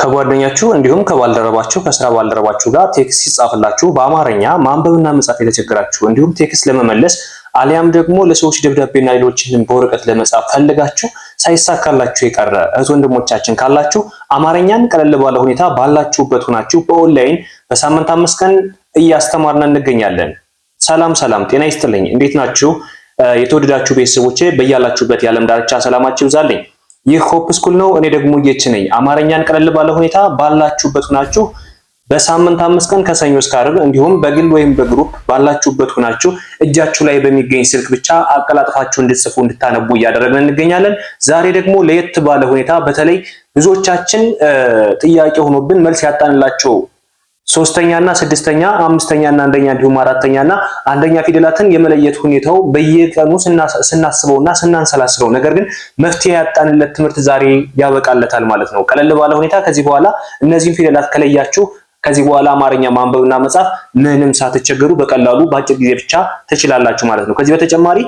ከጓደኛችሁ እንዲሁም ከባልደረባችሁ ከስራ ባልደረባችሁ ጋር ቴክስት ሲጻፍላችሁ በአማርኛ ማንበብና መጻፍ የተቸገራችሁ እንዲሁም ቴክስት ለመመለስ አሊያም ደግሞ ለሰዎች ደብዳቤና ሌሎችንም በወረቀት ለመጻፍ ፈልጋችሁ ሳይሳካላችሁ የቀረ እህት ወንድሞቻችን ካላችሁ አማርኛን ቀለል ባለ ሁኔታ ባላችሁበት ሆናችሁ በኦንላይን በሳምንት አምስት ቀን እያስተማርን እንገኛለን። ሰላም ሰላም፣ ጤና ይስጥልኝ። እንዴት ናችሁ የተወደዳችሁ ቤተሰቦቼ? በያላችሁበት የዓለም ዳርቻ ሰላማችሁ ይብዛልኝ። ይህ ሆፕ ስኩል ነው። እኔ ደግሞ ጌች ነኝ። አማርኛን ቀለል ባለ ሁኔታ ባላችሁበት ሁናችሁ በሳምንት አምስት ቀን ከሰኞ እስከ ዓርብ እንዲሁም በግል ወይም በግሩፕ ባላችሁበት ሁናችሁ እጃችሁ ላይ በሚገኝ ስልክ ብቻ አቀላጥፋችሁ እንድትጽፉ እንድታነቡ እያደረግን እንገኛለን። ዛሬ ደግሞ ለየት ባለ ሁኔታ በተለይ ብዙዎቻችን ጥያቄ ሆኖብን መልስ ያጣንላቸው ሶስተኛና ስድስተኛ፣ አምስተኛና አንደኛ እንዲሁም አራተኛና አንደኛ ፊደላትን የመለየት ሁኔታው በየቀኑ ስናስበውና ስናንሰላስበው ነገር ግን መፍትሄ ያጣንለት ትምህርት ዛሬ ያበቃለታል ማለት ነው። ቀለል ባለ ሁኔታ ከዚህ በኋላ እነዚህን ፊደላት ከለያችሁ ከዚህ በኋላ አማርኛ ማንበብና መጻፍ ምንም ሳትቸገሩ በቀላሉ በአጭር ጊዜ ብቻ ትችላላችሁ ማለት ነው። ከዚህ በተጨማሪ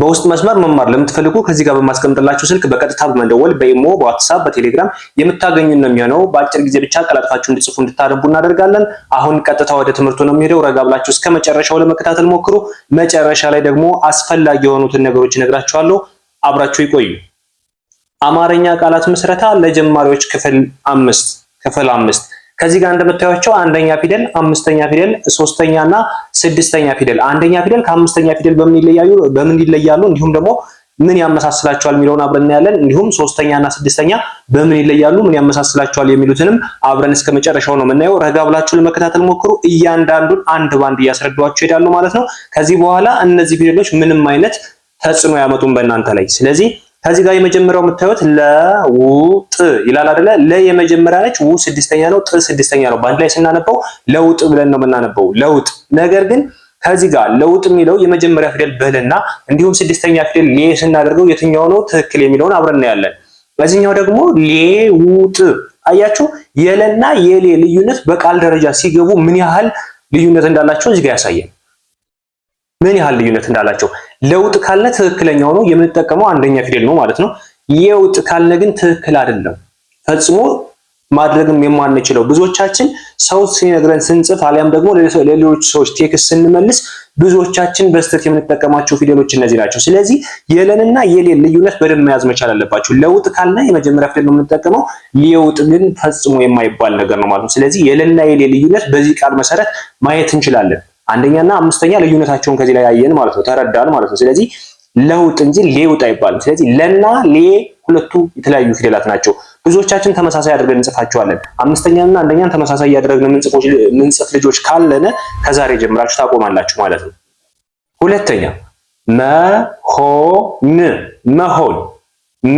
በውስጥ መስመር መማር ለምትፈልጉ ከዚህ ጋር በማስቀምጥላችሁ ስልክ በቀጥታ በመደወል በኢሞ፣ በዋትሳፕ፣ በቴሌግራም የምታገኙን ነው የሚሆነው። በአጭር ጊዜ ብቻ ቀላጥፋችሁ እንዲጽፉ እንድታነቡ እናደርጋለን። አሁን ቀጥታ ወደ ትምህርቱ ነው የሚሄደው። ረጋ ብላችሁ እስከ መጨረሻው ለመከታተል ሞክሩ። መጨረሻ ላይ ደግሞ አስፈላጊ የሆኑትን ነገሮች እነግራችኋለሁ። አብራችሁ ይቆዩ። አማርኛ ቃላት ምስረታ ለጀማሪዎች ክፍል አምስት ክፍል አምስት ከዚህ ጋር እንደምታዩቸው አንደኛ ፊደል፣ አምስተኛ ፊደል፣ ሶስተኛ እና ስድስተኛ ፊደል አንደኛ ፊደል ከአምስተኛ ፊደል በምን ይለያሉ በምን ይለያሉ እንዲሁም ደግሞ ምን ያመሳስላቸዋል የሚለውን አብረን እናያለን። እንዲሁም ሶስተኛ እና ስድስተኛ በምን ይለያሉ፣ ምን ያመሳስላቸዋል የሚሉትንም አብረን እስከ መጨረሻው ነው የምናየው። ረጋ ብላችሁ ለመከታተል ሞክሩ። እያንዳንዱን አንድ ባንድ እያስረዷችሁ ይሄዳሉ ማለት ነው። ከዚህ በኋላ እነዚህ ፊደሎች ምንም አይነት ተጽዕኖ ያመጡን በእናንተ ላይ ስለዚህ ከዚህ ጋር የመጀመሪያው የምታዩት ለውጥ ይላል አይደለ? ለ የመጀመሪያ ነች፣ ው ስድስተኛ ነው፣ ጥ ስድስተኛ ነው። በአንድ ላይ ስናነበው ለውጥ ብለን ነው የምናነበው ለውጥ። ነገር ግን ከዚህ ጋር ለውጥ የሚለው የመጀመሪያ ፊደል ብህልና እንዲሁም ስድስተኛ ፊደል ሌ ስናደርገው የትኛው ነው ትክክል የሚለውን አብረን እናያለን። በዚህኛው ደግሞ ሌውጥ አያችሁ፣ የለና የሌ ልዩነት በቃል ደረጃ ሲገቡ ምን ያህል ልዩነት እንዳላቸው እዚህ ጋር ያሳየን፣ ምን ያህል ልዩነት እንዳላቸው ለውጥ ካልነ ትክክለኛው ነው የምንጠቀመው አንደኛ ፊደል ነው ማለት ነው። የውጥ ካልነ ግን ትክክል አይደለም፣ ፈጽሞ ማድረግም የማንችለው ብዙዎቻችን ሰው ሲነግረን ስንጽፍ አሊያም ደግሞ ለሌሎች ሰዎች ቴክስት ስንመልስ ብዙዎቻችን በስተት የምንጠቀማቸው ፊደሎች እነዚህ ናቸው። ስለዚህ የለንና የሌን ልዩነት በደንብ መያዝ መቻል አለባቸው። ለውጥ ካልና የመጀመሪያ ፊደል ነው የምንጠቀመው፣ ሊውጥ ግን ፈጽሞ የማይባል ነገር ነው ማለት ነው። ስለዚህ የለንና የሌን ልዩነት በዚህ ቃል መሰረት ማየት እንችላለን። አንደኛና አምስተኛ ልዩነታቸውን ከዚህ ላይ ያየን ማለት ነው፣ ተረዳን ማለት ነው። ስለዚህ ለውጥ እንጂ ሌውጥ አይባልም። ስለዚህ ለና ሌ ሁለቱ የተለያዩ ፊደላት ናቸው። ብዙዎቻችን ተመሳሳይ አድርገን እንጽፋቸዋለን። አምስተኛና አንደኛን ተመሳሳይ እያደረግን ምንጽፍ ልጆች ካለነ ከዛሬ ጀምራችሁ ታቆማላችሁ ማለት ነው። ሁለተኛ መሆን መሆን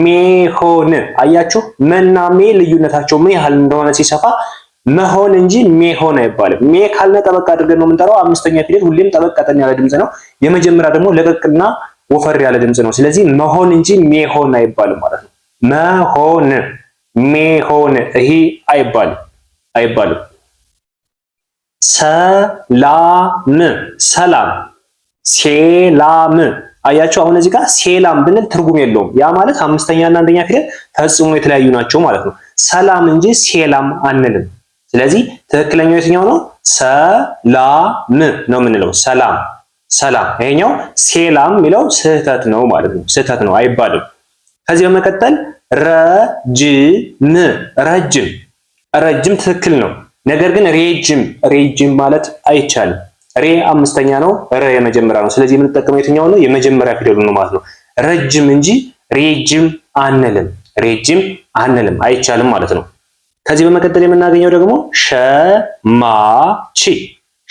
ሜሆን አያችሁ፣ መና ሜ ልዩነታቸው ምን ያህል እንደሆነ ሲሰፋ መሆን እንጂ ሜሆን አይባልም። ሜ ካልነ ጠበቅ አድርገን ነው የምንጠራው። አምስተኛ ፊደል ሁሌም ጠበቅ ያለ ድምፅ ነው። የመጀመሪያ ደግሞ ለቀቅና ወፈር ያለ ድምፅ ነው። ስለዚህ መሆን እንጂ ሜሆን አይባልም ማለት ነው። መሆን ሜሆን ይሄ አይባልም አይባልም። ሰላም ሰላም ሴላም አያቸው። አሁን እዚህ ጋር ሴላም ብንል ትርጉም የለውም። ያ ማለት አምስተኛና አንደኛ ፊደል ፈጽሞ የተለያዩ ናቸው ማለት ነው። ሰላም እንጂ ሴላም አንልም። ስለዚህ ትክክለኛው የትኛው ነው? ሰላም ነው የምንለው። ሰላም ሰላም። ይሄኛው ሴላም የሚለው ስህተት ነው ማለት ነው። ስህተት ነው አይባልም። ከዚህ በመቀጠል ረጅም ረጅም ረጅም ትክክል ነው። ነገር ግን ሬጅም ሬጅም ማለት አይቻልም። ሬ አምስተኛ ነው፣ ረ የመጀመሪያ ነው። ስለዚህ የምንጠቀመው የትኛው ነው? የመጀመሪያ ፊደሉ ነው ማለት ነው። ረጅም እንጂ ሬጅም አንልም። ሬጅም አንልም አይቻልም ማለት ነው። ከዚህ በመቀጠል የምናገኘው ደግሞ ሸማች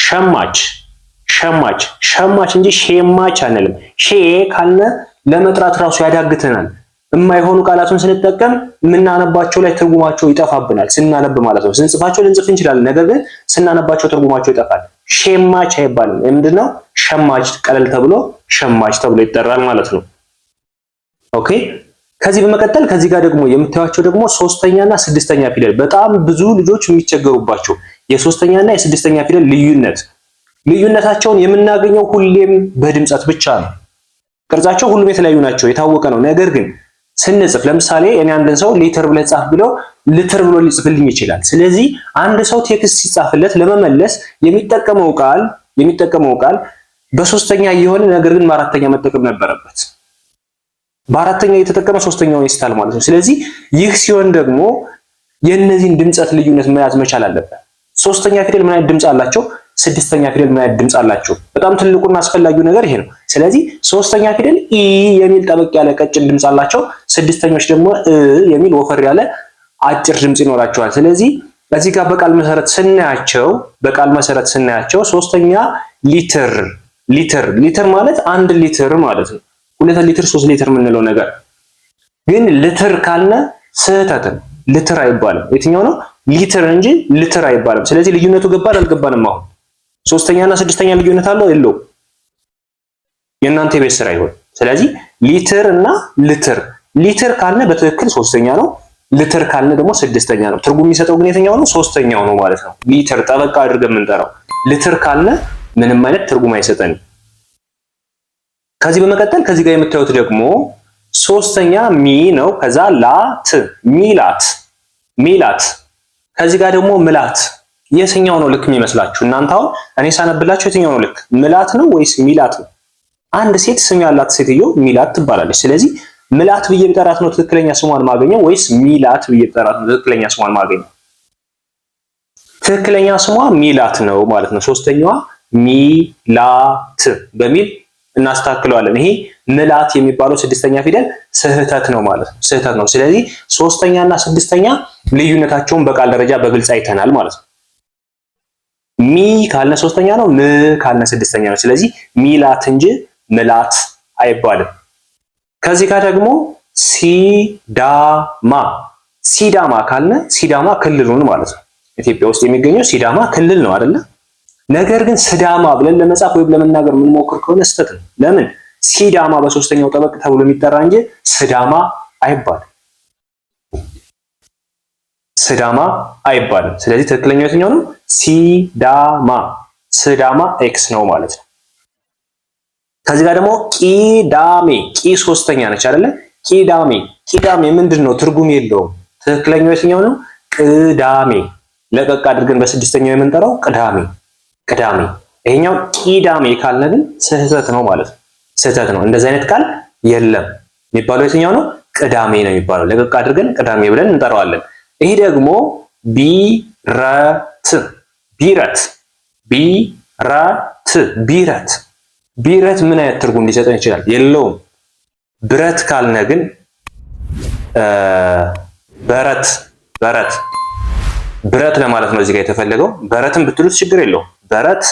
ሸማች ሸማች ሸማች እንጂ ሼማች አንልም። ሼ ካልነ ለመጥራት ራሱ ያዳግተናል። የማይሆኑ ቃላቱን ስንጠቀም የምናነባቸው ላይ ትርጉማቸው ይጠፋብናል። ስናነብ ማለት ነው። ስንጽፋቸው ልንጽፍ እንችላለን፣ ነገር ግን ስናነባቸው ትርጉማቸው ይጠፋል። ሼማች አይባልም። ምንድን ነው? ሸማች ቀለል ተብሎ ሸማች ተብሎ ይጠራል ማለት ነው። ኦኬ ከዚህ በመቀጠል ከዚህ ጋር ደግሞ የምታዩቸው ደግሞ ሶስተኛና ስድስተኛ ፊደል በጣም ብዙ ልጆች የሚቸገሩባቸው የሶስተኛና የስድስተኛ ፊደል ልዩነት ልዩነታቸውን የምናገኘው ሁሌም በድምጸት ብቻ ነው። ቅርጻቸው ሁሉም የተለያዩ ናቸው፣ የታወቀ ነው። ነገር ግን ስንጽፍ ለምሳሌ እኔ አንድን ሰው ሊትር ብለህ ጻፍ ብለው ልትር ብሎ ሊጽፍልኝ ይችላል። ስለዚህ አንድ ሰው ቴክስት ሲጻፍለት ለመመለስ የሚጠቀመው ቃል የሚጠቀመው ቃል በሶስተኛ እየሆነ ነገር ግን በአራተኛ መጠቀም ነበረበት። በአራተኛው የተጠቀመ ሶስተኛው ይስታል ማለት ነው። ስለዚህ ይህ ሲሆን ደግሞ የእነዚህን ድምጸት ልዩነት መያዝ መቻል አለበት። ሶስተኛ ፊደል ምን አይነት ድምፅ አላቸው? ስድስተኛ ፊደል ምን አይነት ድምፅ አላቸው? በጣም ትልቁና አስፈላጊው ነገር ይሄ ነው። ስለዚህ ሶስተኛ ፊደል ኢ የሚል ጠበቅ ያለ ቀጭን ድምፅ አላቸው። ስድስተኞች ደግሞ እ የሚል ወፈር ያለ አጭር ድምፅ ይኖራቸዋል። ስለዚህ እዚህ ጋር በቃል መሰረት ስናያቸው በቃል መሰረት ስናያቸው ሶስተኛ ሊትር ሊትር ሊትር ማለት አንድ ሊትር ማለት ነው። ሁለት ሊትር ሶስት ሊትር የምንለው ነገር ግን ሊትር ካልነ ስህተት ሊትር አይባልም። የትኛው ነው ሊትር እንጂ ሊትር አይባልም። ስለዚህ ልዩነቱ ገባን አልገባንም? አሁን ሶስተኛና ስድስተኛ ልዩነት አለው የለው? የእናንተ የቤት ስራ ይሆን። ስለዚህ ሊትር እና ሊትር ሊትር ካልነ በትክክል ሶስተኛ ነው። ሊትር ካልነ ደግሞ ስድስተኛ ነው። ትርጉም የሚሰጠው ግን የትኛው ነው? ሶስተኛው ነው ማለት ነው። ሊትር ጠበቃ አድርገን የምንጠራው ሊትር ካልነ ምንም አይነት ትርጉም አይሰጠንም። ከዚህ በመቀጠል ከዚህ ጋር የምታዩት ደግሞ ሶስተኛ ሚ ነው። ከዛ ላት ሚላት ሚላት። ከዚህ ጋር ደግሞ ምላት የትኛው ነው ልክ የሚመስላችሁ እናንተ? አሁን እኔ ሳነብላችሁ የትኛው ነው ልክ ምላት ነው ወይስ ሚላት ነው? አንድ ሴት ስም ያላት ሴትዮ ሚላት ትባላለች። ስለዚህ ምላት ብዬ ብጠራት ነው ትክክለኛ ስሟን ማገኘው ወይስ ሚላት ብዬ ብጠራት ነው ትክክለኛ ስሟን ማገኘው? ትክክለኛ ስሟ ሚላት ነው ማለት ነው። ሶስተኛዋ ሚላት በሚል እናስተካክለዋለን። ይሄ ምላት የሚባለው ስድስተኛ ፊደል ስህተት ነው ማለት ነው፣ ስህተት ነው። ስለዚህ ሶስተኛ እና ስድስተኛ ልዩነታቸውን በቃል ደረጃ በግልጽ አይተናል ማለት ነው። ሚ ካልነ ሶስተኛ ነው፣ ም ካልነ ስድስተኛ ነው። ስለዚህ ሚላት እንጂ ምላት አይባልም። ከዚህ ጋር ደግሞ ሲዳማ ሲዳማ ካልነ ሲዳማ ክልሉን ማለት ነው። ኢትዮጵያ ውስጥ የሚገኘው ሲዳማ ክልል ነው አይደለ? ነገር ግን ስዳማ ብለን ለመጻፍ ወይም ለመናገር የምንሞክር ከሆነ ስተት ነው። ለምን ሲዳማ በሶስተኛው ጠበቅ ተብሎ የሚጠራ እንጂ ስዳማ አይባልም። ስዳማ አይባልም። ስለዚህ ትክክለኛው የትኛው ነው? ሲዳማ ስዳማ ኤክስ ነው ማለት ነው። ከዚህ ጋር ደግሞ ቂዳሜ ቂ ሶስተኛ ነች አይደለ? ቂዳሜ ቂዳሜ ምንድን ነው? ትርጉም የለውም። ትክክለኛው የትኛው ነው? ቅዳሜ። ለቀቅ አድርገን በስድስተኛው የምንጠራው ቅዳሜ ቅዳሜ። ይሄኛው ቂዳሜ ካልነግን ስህተት ነው ማለት ነው። ስህተት ነው። እንደዚህ አይነት ቃል የለም የሚባለው የትኛው ነው? ቅዳሜ ነው የሚባለው። ለቅቅ አድርገን ቅዳሜ ብለን እንጠራዋለን። ይሄ ደግሞ ቢረት ቢረት ቢረት ቢረት ቢረት ምን አይነት ትርጉም ሊሰጠን ይችላል? የለውም። ብረት ካልነ ግን በረት በረት ብረት ለማለት ነው እዚህ ጋር የተፈለገው። በረትን ብትሉት ችግር የለውም። በረት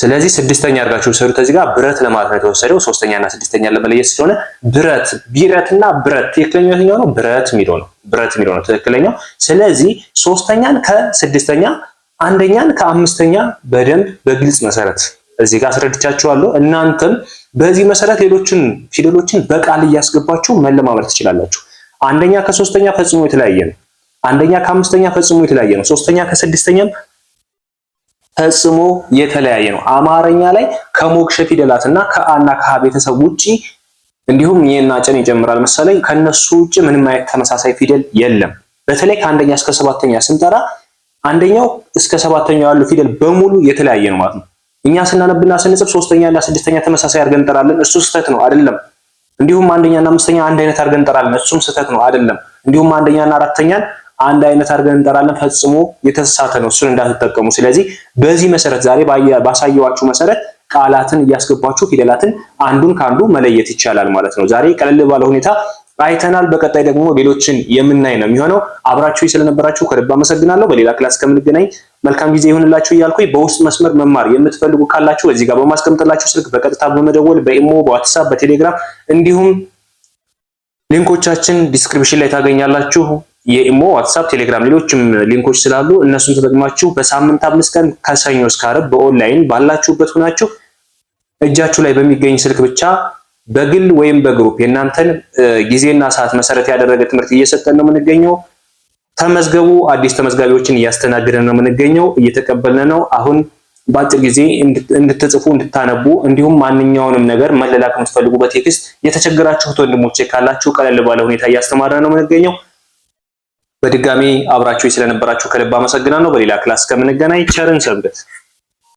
ስለዚህ ስድስተኛ አድርጋችሁ ሰሩት። እዚህ ጋር ብረት ለማለት ነው የተወሰደው ሶስተኛና ስድስተኛ ለመለየት ስለሆነ ብረት ቢረትና ብረት ትክክለኛው የትኛው ነው? ብረት የሚለው ነው። ብረት የሚለው ነው ትክክለኛው። ስለዚህ ሶስተኛን ከስድስተኛ አንደኛን ከአምስተኛ በደንብ በግልጽ መሰረት እዚህ ጋር አስረድቻችኋለሁ። እናንተም በዚህ መሰረት ሌሎችን ፊደሎችን በቃል እያስገባችሁ መለማመድ ትችላላችሁ። አንደኛ ከሶስተኛ ፈጽሞ የተለያየ ነው። አንደኛ ከአምስተኛ ፈጽሞ የተለያየ ነው። ሶስተኛ ከስድስተኛም ፈጽሞ የተለያየ ነው። አማርኛ ላይ ከሞክሸ ፊደላት እና ከአና ከሀ ቤተሰብ ውጪ እንዲሁም የና ጨን ይጨምራል ምሳሌ ከነሱ ውጪ ምንም አይነት ተመሳሳይ ፊደል የለም። በተለይ ከአንደኛ እስከ ሰባተኛ ስንጠራ አንደኛው እስከ ሰባተኛው ያሉ ፊደል በሙሉ የተለያየ ነው ማለት ነው። እኛ ስናነብና ስንጽፍ ሶስተኛ እና ስድስተኛ ተመሳሳይ አድርገን እንጠራለን። እሱ ስህተት ነው አይደለም። እንዲሁም አንደኛና አምስተኛ አንድ አይነት አድርገን እንጠራለን። እሱም ስህተት ነው አይደለም። እንዲሁም አንደኛና አራተኛን አንድ አይነት አድርገን እንጠራለን። ፈጽሞ የተሳሳተ ነው፣ እሱን እንዳትጠቀሙ። ስለዚህ በዚህ መሰረት ዛሬ ባሳየዋችሁ መሰረት ቃላትን እያስገባችሁ ፊደላትን አንዱን ከአንዱ መለየት ይቻላል ማለት ነው። ዛሬ ቀለል ባለ ሁኔታ አይተናል። በቀጣይ ደግሞ ሌሎችን የምናይ ነው የሚሆነው። አብራችሁ ስለነበራችሁ ከልብ አመሰግናለሁ። በሌላ ክላስ ከምንገናኝ መልካም ጊዜ ይሁንላችሁ እያልኩኝ በውስጥ መስመር መማር የምትፈልጉ ካላችሁ እዚጋ ጋር በማስቀምጥላችሁ ስልክ በቀጥታ በመደወል በኢሞ፣ በዋትሳፕ፣ በቴሌግራም እንዲሁም ሊንኮቻችን ዲስክሪፕሽን ላይ ታገኛላችሁ። የኢሞ ዋትሳፕ፣ ቴሌግራም፣ ሌሎችም ሊንኮች ስላሉ እነሱን ተጠቅማችሁ በሳምንት አምስት ቀን ከሰኞ እስከ ዓርብ በኦንላይን ባላችሁበት ሆናችሁ እጃችሁ ላይ በሚገኝ ስልክ ብቻ በግል ወይም በግሩፕ የእናንተን ጊዜና ሰዓት መሰረት ያደረገ ትምህርት እየሰጠን ነው የምንገኘው። ተመዝገቡ። አዲስ ተመዝጋቢዎችን እያስተናገደን ነው የምንገኘው፣ እየተቀበልን ነው። አሁን በአጭር ጊዜ እንድትጽፉ እንድታነቡ፣ እንዲሁም ማንኛውንም ነገር መለላክ የምትፈልጉ በቴክስት የተቸገራችሁት ወንድሞቼ ካላችሁ ቀለል ባለ ሁኔታ እያስተማረ ነው የምንገኘው። በድጋሚ አብራችሁ ስለነበራችሁ ከልብ አመሰግናለሁ። በሌላ ክላስ ከምንገናኝ ቸርን ሰንብት።